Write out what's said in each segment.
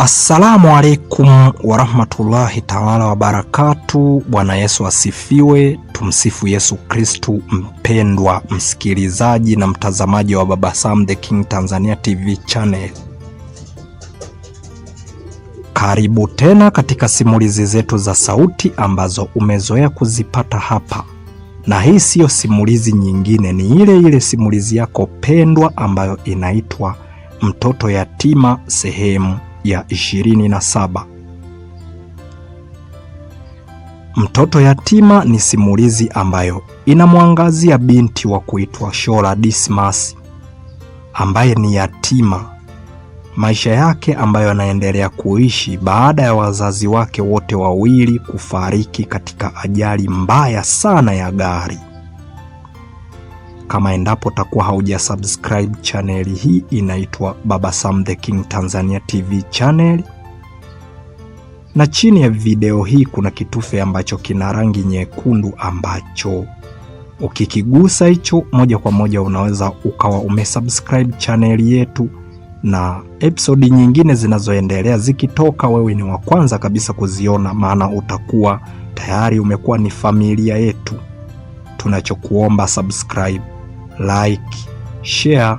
Assalamu alaikum warahmatullahi taala wabarakatu. Bwana Yesu asifiwe. Tumsifu Yesu Kristu. Mpendwa msikilizaji na mtazamaji wa Baba Sam the King Tanzania TV channel, karibu tena katika simulizi zetu za sauti ambazo umezoea kuzipata hapa, na hii siyo simulizi nyingine, ni ile ile simulizi yako pendwa ambayo inaitwa Mtoto Yatima sehemu ya 27. Mtoto yatima ni simulizi ambayo inamwangazia binti wa kuitwa Shola Dismas ambaye ni yatima, maisha yake ambayo anaendelea kuishi baada ya wazazi wake wote wawili kufariki katika ajali mbaya sana ya gari kama endapo takuwa hauja subscribe chaneli hii inaitwa Baba Sam the King Tanzania TV channel, na chini ya video hii kuna kitufe ambacho kina rangi nyekundu ambacho ukikigusa hicho moja kwa moja unaweza ukawa umesubscribe chaneli yetu, na episodi nyingine zinazoendelea zikitoka, wewe ni wa kwanza kabisa kuziona, maana utakuwa tayari umekuwa ni familia yetu. Tunachokuomba subscribe like, share,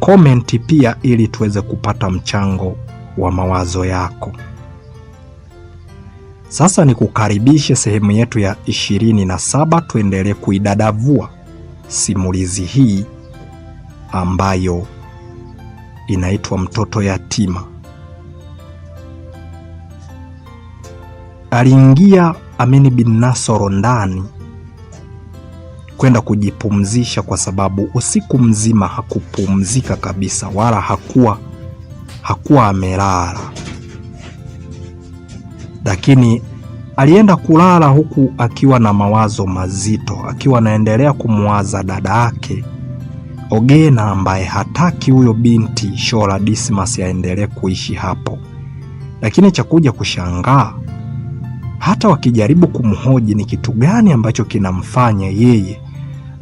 comment pia ili tuweze kupata mchango wa mawazo yako. Sasa ni kukaribishe sehemu yetu ya 27 tuendelee kuidadavua simulizi hii ambayo inaitwa Mtoto Yatima. Aliingia Amini bin Nasoro ndani kwenda kujipumzisha, kwa sababu usiku mzima hakupumzika kabisa, wala hakuwa hakuwa amelala, lakini alienda kulala huku akiwa na mawazo mazito, akiwa anaendelea kumwaza dada yake Ogena ambaye hataki huyo binti Shola Dismas aendelee kuishi hapo. Lakini cha kuja kushangaa, hata wakijaribu kumhoji ni kitu gani ambacho kinamfanya yeye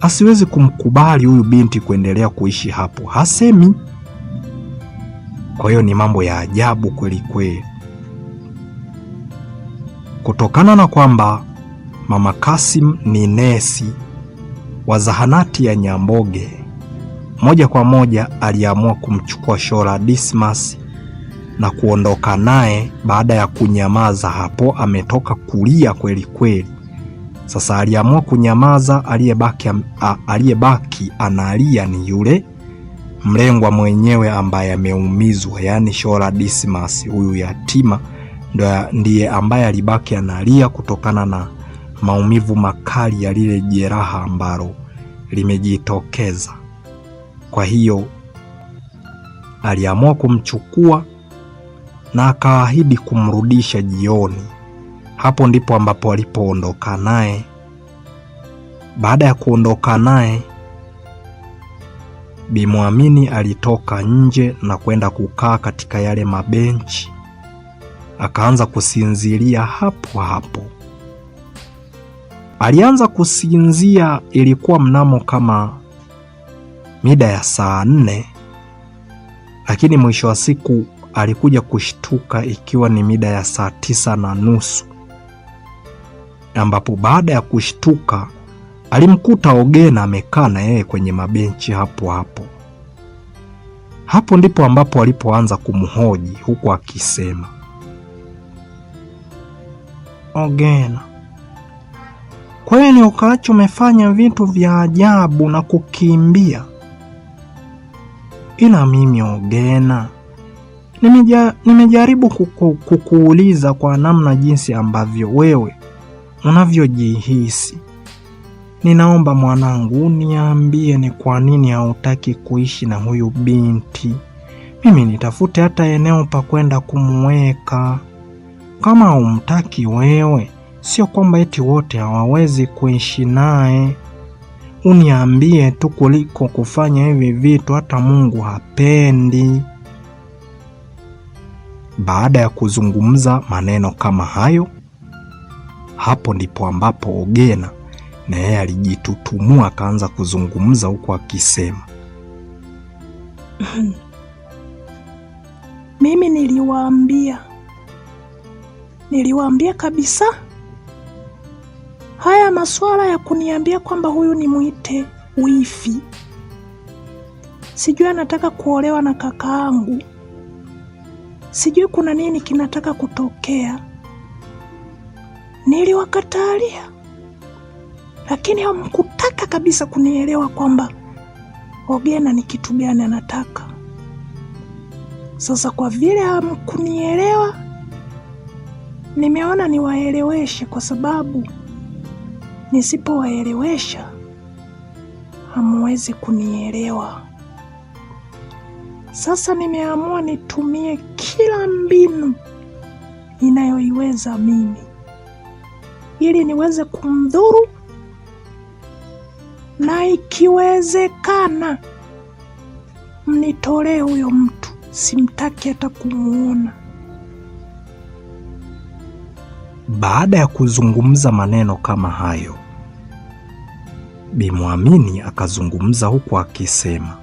asiwezi kumkubali huyu binti kuendelea kuishi hapo, hasemi. Kwa hiyo ni mambo ya ajabu kweli kweli, kutokana na kwamba Mama Kasim ni nesi wa zahanati ya Nyamboge. Moja kwa moja aliamua kumchukua Shola Dismas na kuondoka naye baada ya kunyamaza hapo, ametoka kulia kweli kweli. Sasa aliamua kunyamaza, aliyebaki aliyebaki analia ni yule mlengwa mwenyewe ambaye ameumizwa, yaani Shola Dismas, huyu yatima ndo ndiye ambaye alibaki analia kutokana na maumivu makali ya lile jeraha ambalo limejitokeza. Kwa hiyo aliamua kumchukua na akaahidi kumrudisha jioni hapo ndipo ambapo walipoondoka naye. Baada ya kuondoka naye, Bimwamini alitoka nje na kwenda kukaa katika yale mabenchi, akaanza kusinziria hapo hapo. Alianza kusinzia, ilikuwa mnamo kama mida ya saa nne, lakini mwisho wa siku alikuja kushtuka ikiwa ni mida ya saa tisa na nusu ambapo baada ya kushtuka alimkuta Ogena amekaa na yeye kwenye mabenchi hapo hapo. Hapo ndipo ambapo alipoanza kumhoji huku akisema, Ogena, kweli ukaacha umefanya vitu vya ajabu na kukimbia. Ila mimi Ogena, nimeja, nimejaribu kuku, kukuuliza kwa namna jinsi ambavyo wewe unavyojihisi. Ninaomba mwanangu, niambie ni kwa nini hautaki kuishi na huyu binti. Mimi nitafute hata eneo pa kwenda kumweka. Kama umtaki wewe, sio kwamba eti wote hawawezi kuishi naye. Uniambie tu, kuliko kufanya hivi vitu hata Mungu hapendi. Baada ya kuzungumza maneno kama hayo hapo ndipo ambapo Ogena na yeye alijitutumua akaanza kuzungumza huku akisema, mimi niliwaambia, niliwaambia kabisa haya masuala ya kuniambia kwamba huyu ni mwite wifi, sijui anataka kuolewa na kakaangu, sijui kuna nini kinataka kutokea niliwakatalia, lakini hamkutaka kabisa kunielewa kwamba Ogena ni kitu gani anataka. Sasa kwa vile hamkunielewa, nimeona niwaeleweshe, kwa sababu nisipowaelewesha hamwezi kunielewa. Sasa nimeamua nitumie kila mbinu inayoiweza mimi ili niweze kumdhuru, na ikiwezekana mnitolee huyo mtu, simtaki hata kumuona. Baada ya kuzungumza maneno kama hayo, Bimwamini akazungumza huku akisema,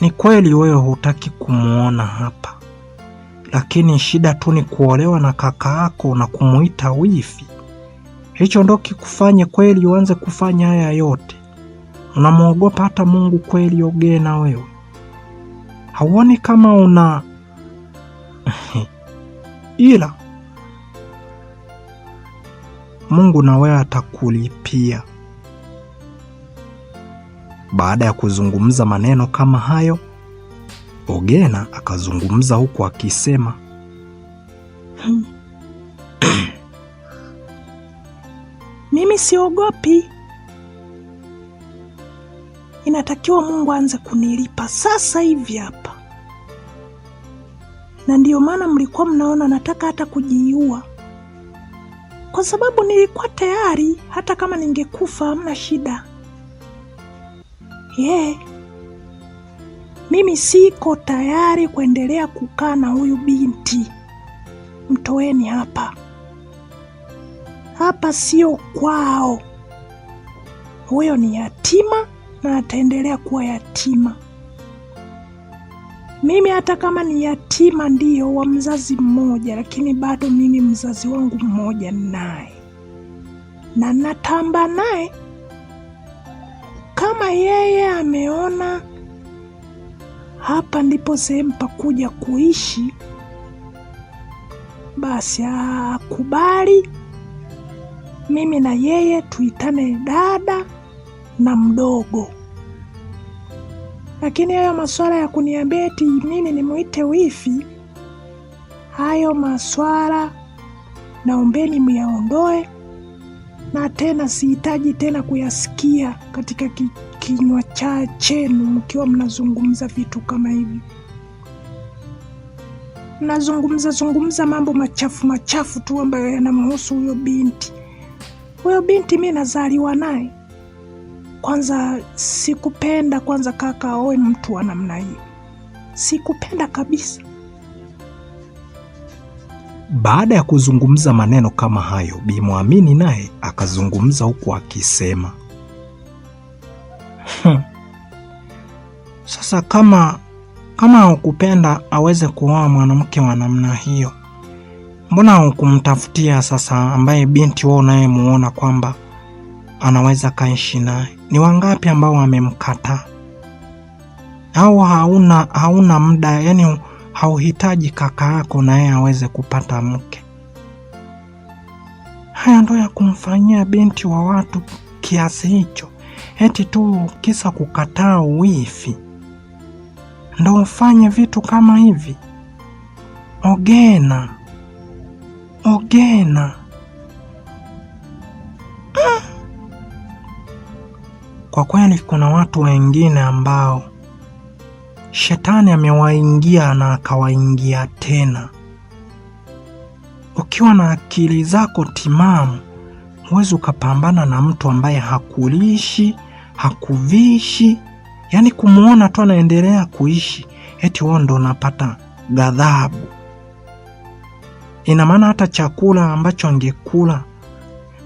ni kweli wewe hutaki kumwona hapa, lakini shida tu ni kuolewa na kaka yako na kumuita wifi. Hicho ndo kikufanye kweli uanze kufanya haya yote? Unamwogopa hata Mungu kweli ogee na wewe? Hauoni kama una ila Mungu na wewe atakulipia. Baada ya kuzungumza maneno kama hayo Ogena akazungumza huku akisema hmm. Mimi siogopi, inatakiwa Mungu aanze kunilipa sasa hivi hapa, na ndiyo maana mlikuwa mnaona nataka hata kujiua, kwa sababu nilikuwa tayari, hata kama ningekufa hamna shida. Yeah mimi siko tayari kuendelea kukaa na huyu binti, mtoeni hapa, hapa sio kwao. Huyo ni yatima na ataendelea kuwa yatima. Mimi hata kama ni yatima ndiyo wa mzazi mmoja, lakini bado mimi mzazi wangu mmoja naye, na natamba naye kama yeye ameona hapa ndipo sehemu pa kuja kuishi, basi akubali ah, mimi na yeye tuitane dada na mdogo. Lakini hayo maswala ya kuniambia mimi nimuite wifi, hayo maswala naombeni myaondoe na tena sihitaji tena kuyasikia katika kinywa cha chenu mkiwa mnazungumza vitu kama hivi, mnazungumza zungumza mambo machafu machafu tu ambayo yanamhusu huyo binti. Huyo binti mi nazaliwa naye. Kwanza sikupenda kwanza kaka awe mtu wa namna hiyo, sikupenda kabisa. Baada ya kuzungumza maneno kama hayo, bimwamini naye akazungumza huku akisema Sasa kama kama haukupenda aweze kuoa mwanamke wa namna hiyo, mbona hukumtafutia sasa ambaye binti wewe unayemuona kwamba anaweza kaishi naye? Ni wangapi ambao wamemkataa? Au hauna hauna muda, yani hauhitaji kaka yako naye aweze kupata mke? Haya ndo ya kumfanyia binti wa watu kiasi hicho, eti tu kisa kukataa uwifi ndo mfanye vitu kama hivi? Ogena, Ogena. Ah. Kwa kweli kuna watu wengine ambao shetani amewaingia na akawaingia tena. Ukiwa na akili zako timamu huwezi ukapambana na mtu ambaye hakulishi, hakuvishi Yaani kumwona tu anaendelea kuishi, eti wao ndo unapata ghadhabu. Ina maana hata chakula ambacho angekula,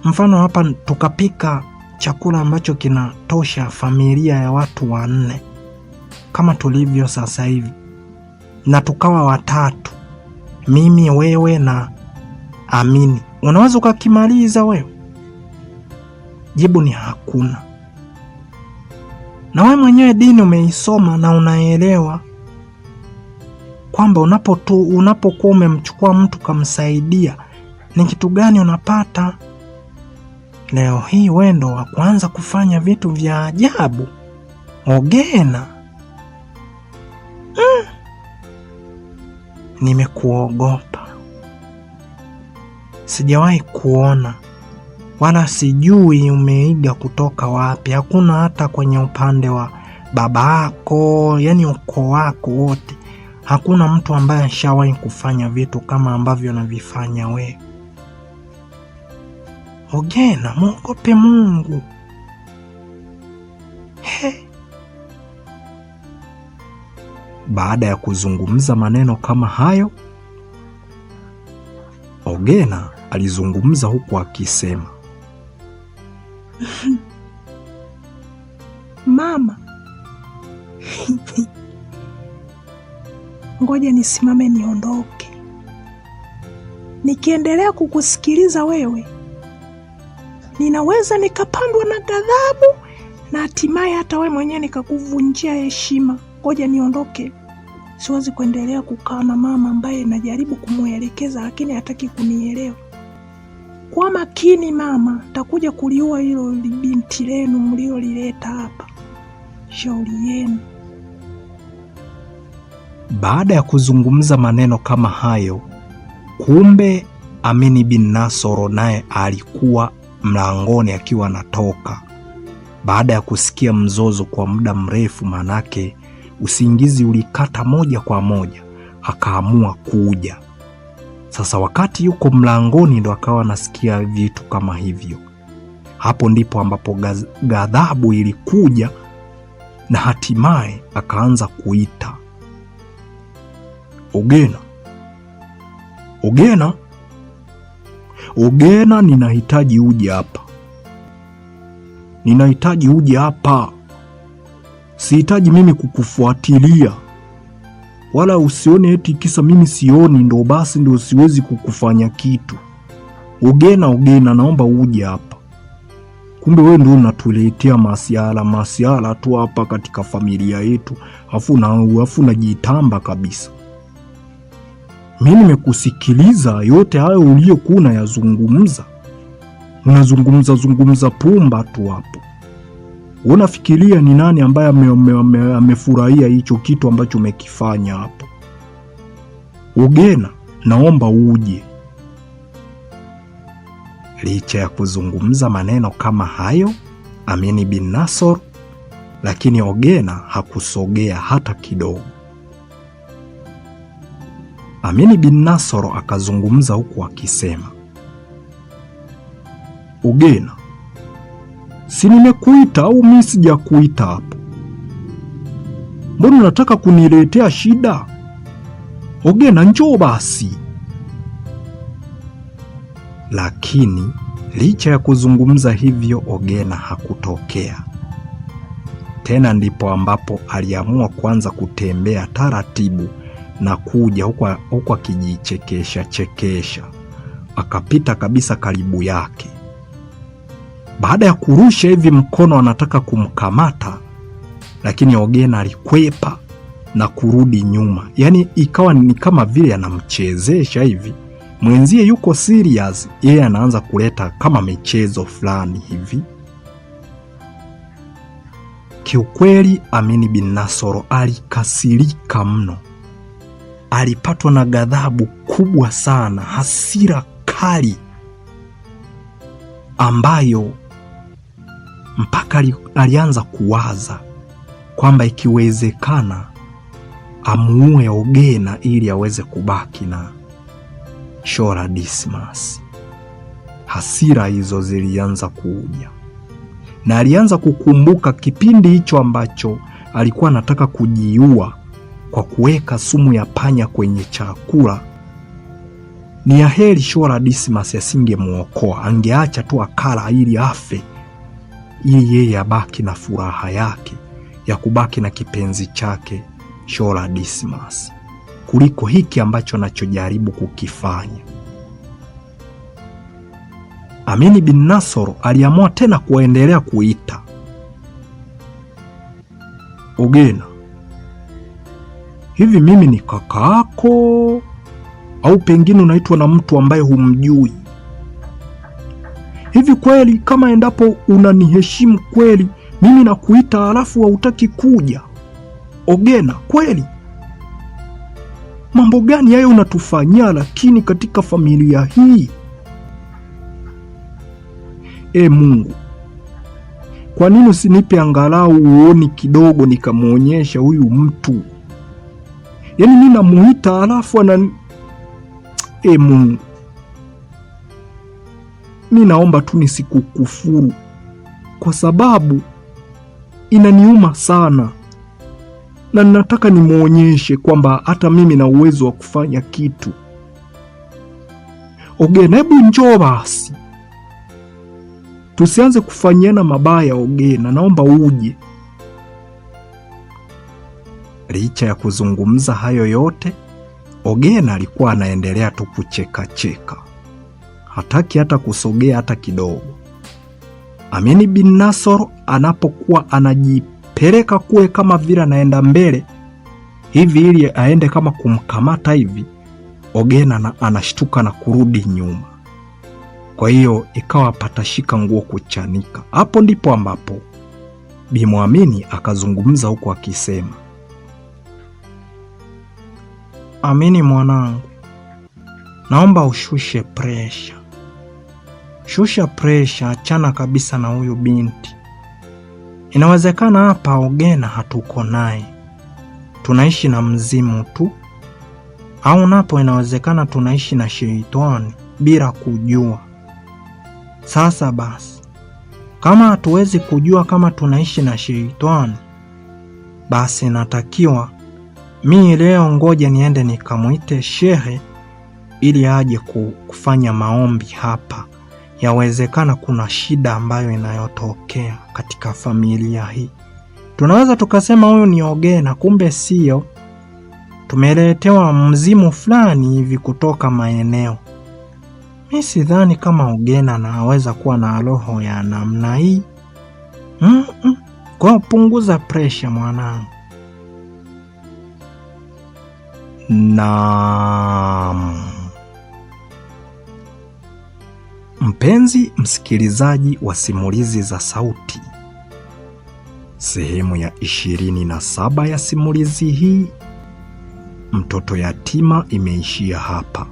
mfano hapa tukapika chakula ambacho kinatosha familia ya watu wanne kama tulivyo sasa hivi, na tukawa watatu, mimi, wewe na Amini, unaweza ukakimaliza wewe? Jibu ni hakuna na wewe mwenyewe dini umeisoma na unaelewa kwamba unapotu unapokuwa umemchukua mtu kumsaidia ni kitu gani unapata. Leo hii wewe ndo wa kuanza kufanya vitu vya ajabu. Ogena mm. Nimekuogopa, sijawahi kuona wala sijui umeiga kutoka wapi. Hakuna hata kwenye upande wa baba yako, yani ukoo wako wote, hakuna mtu ambaye ashawahi kufanya vitu kama ambavyo anavifanya we. Ogena, mwogope Mungu. He. Baada ya kuzungumza maneno kama hayo, Ogena alizungumza huku akisema mama. Ngoja nisimame niondoke. Nikiendelea kukusikiliza wewe, ninaweza nikapandwa na ghadhabu na hatimaye hata wewe mwenyewe nikakuvunjia heshima. Ngoja niondoke, siwezi kuendelea kukaa na mama ambaye najaribu kumwelekeza, lakini hataki kunielewa. Kwa makini mama, takuja kuliua hilo binti lenu mliolileta hapa, shauri yenu. Baada ya kuzungumza maneno kama hayo, kumbe Amini bin Nasoro naye alikuwa mlangoni akiwa anatoka baada ya kusikia mzozo kwa muda mrefu, manake usingizi ulikata moja kwa moja, akaamua kuja. Sasa wakati yuko mlangoni, ndo akawa anasikia vitu kama hivyo. Hapo ndipo ambapo ghadhabu ilikuja na hatimaye akaanza kuita Ogena, Ogena, Ogena, ninahitaji uje hapa, ninahitaji uje hapa, sihitaji mimi kukufuatilia wala usione eti kisa mimi sioni ndo basi ndo siwezi kukufanya kitu. Ogena ogena, naomba uje hapa. Kumbe wewe ndio unatuletea masiala masiala tu hapa katika familia yetu, afu na afu najitamba kabisa. Mimi nimekusikiliza yote hayo uliyokuwa unayazungumza, unazungumza zungumza pumba tu hapo unafikiria ni nani ambaye amefurahia hicho kitu ambacho umekifanya hapo? Ugena, naomba uje. Licha ya kuzungumza maneno kama hayo Amini bin Nasor, lakini Ogena hakusogea hata kidogo. Amini bin Nasor akazungumza huku akisema, ugena Si nimekuita au mimi sijakuita hapo? Mbona unataka kuniletea shida? Ogena, njoo basi. Lakini licha ya kuzungumza hivyo, Ogena hakutokea tena. Ndipo ambapo aliamua kwanza kutembea taratibu na kuja huko akijichekesha chekesha, akapita kabisa karibu yake. Baada ya kurusha hivi mkono anataka kumkamata, lakini Ogena alikwepa na kurudi nyuma, yaani ikawa ni kama vile anamchezesha hivi mwenzie yuko serious, yeye anaanza kuleta kama michezo fulani hivi. Kiukweli Amini bin Nasoro alikasirika mno, alipatwa na ghadhabu kubwa sana, hasira kali ambayo mpaka alianza kuwaza kwamba ikiwezekana amuue Ogena ili aweze kubaki na Shora Dismas. Hasira hizo zilianza kuuja na alianza kukumbuka kipindi hicho ambacho alikuwa anataka kujiua kwa kuweka sumu ya panya kwenye chakula. Ni ya heri Shora Dismas asingemwokoa, angeacha tu akala ili afe ili yeye abaki na furaha yake ya kubaki na kipenzi chake Shola Dismas kuliko hiki ambacho anachojaribu kukifanya. Amini bin Nasoro aliamua tena kuendelea kuita Ogena, hivi mimi ni kaka yako au pengine unaitwa na mtu ambaye humjui? hivi kweli, kama endapo unaniheshimu kweli, mimi nakuita halafu hautaki kuja? Ogena kweli, mambo gani hayo unatufanyia lakini katika familia hii? E Mungu, kwa nini usinipe angalau uoni kidogo, nikamwonyesha huyu mtu? Yaani mimi namuita halafu ana... E Mungu mi naomba tu nisikukufuru, kwa sababu inaniuma sana, na ninataka nimwonyeshe kwamba hata mimi na uwezo wa kufanya kitu. Ogena, hebu njoo basi, tusianze kufanyiana mabaya. Ogena, naomba uje. Licha ya kuzungumza hayo yote, Ogena alikuwa anaendelea tu kuchekacheka hataki hata kusogea hata kidogo. Amini bin Nasor anapokuwa anajipeleka kuwe kama vile anaenda mbele hivi ili aende kama kumkamata hivi, Ogena na anashtuka na kurudi nyuma. Kwa hiyo ikawa patashika nguo kuchanika. Hapo ndipo ambapo Bimwamini akazungumza huku akisema, Amini mwanangu, naomba ushushe presha. Shusha presha, achana kabisa na huyu binti. Inawezekana hapa Ogena hatuko naye, tunaishi na mzimu tu, au napo inawezekana tunaishi na sheitani bila kujua. Sasa basi, kama hatuwezi kujua kama tunaishi na sheitani, basi natakiwa mimi leo, ngoja niende nikamwite shehe ili aje kufanya maombi hapa yawezekana kuna shida ambayo inayotokea katika familia hii. Tunaweza tukasema huyu ni ogena, kumbe sio, tumeletewa mzimu fulani hivi kutoka maeneo. Mi sidhani kama ogena naweza kuwa na roho ya namna hii. mm -mm. Kwa punguza presha mwanangu. Naam. Mpenzi msikilizaji wa simulizi za sauti, sehemu ya 27 ya simulizi hii mtoto yatima imeishia hapa.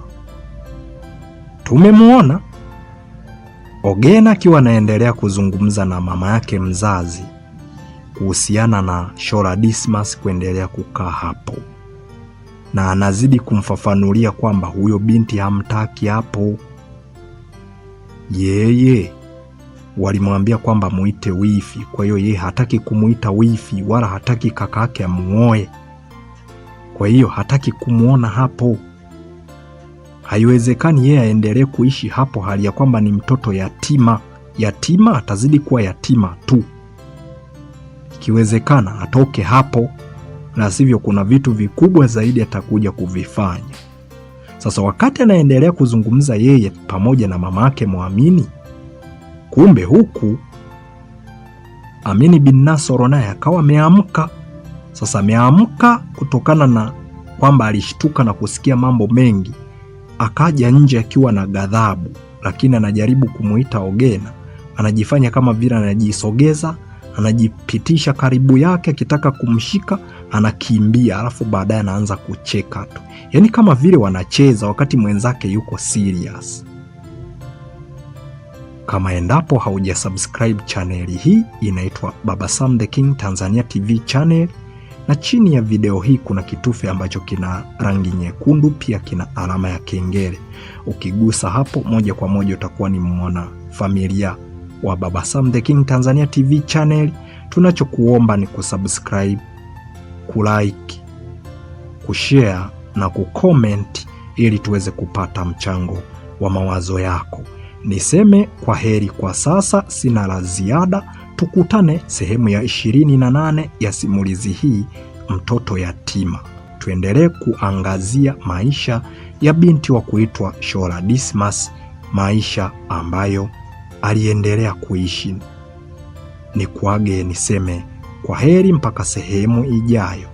Tumemwona Ogena akiwa anaendelea kuzungumza na mama yake mzazi kuhusiana na Shola Dismas kuendelea kukaa hapo, na anazidi kumfafanulia kwamba huyo binti hamtaki hapo yeye walimwambia kwamba muite wifi. Kwa hiyo yeye hataki kumuita wifi wala hataki kaka yake amuoe, kwa hiyo hataki kumwona hapo. Haiwezekani yeye aendelee kuishi hapo hali ya kwamba ni mtoto yatima. Yatima atazidi kuwa yatima tu, ikiwezekana atoke hapo, na sivyo kuna vitu vikubwa zaidi atakuja kuvifanya. Sasa wakati anaendelea kuzungumza yeye pamoja na mama yake Mwamini, kumbe huku Amini bin Nasoro naye akawa ameamka. Sasa ameamka kutokana na kwamba alishtuka na kusikia mambo mengi, akaja nje akiwa na ghadhabu, lakini anajaribu kumuita Ogena, anajifanya kama vile anajisogeza, anajipitisha karibu yake, akitaka kumshika anakimbia, alafu baadaye anaanza kucheka tu yaani kama vile wanacheza wakati mwenzake yuko serious. Kama endapo haujasubscribe chaneli hii inaitwa Baba Sam the King Tanzania TV channel, na chini ya video hii kuna kitufe ambacho kina rangi nyekundu, pia kina alama ya kengele. Ukigusa hapo moja kwa moja utakuwa ni mwana familia wa Baba Sam the King Tanzania TV channel. Tunachokuomba ni kusubscribe, kulike, kushare na kukomenti ili tuweze kupata mchango wa mawazo yako. Niseme kwa heri kwa sasa, sina la ziada. Tukutane sehemu ya 28 ya simulizi hii Mtoto Yatima. Tuendelee kuangazia maisha ya binti wa kuitwa Shola Dismas, maisha ambayo aliendelea kuishi. Ni kuage niseme kwa heri mpaka sehemu ijayo.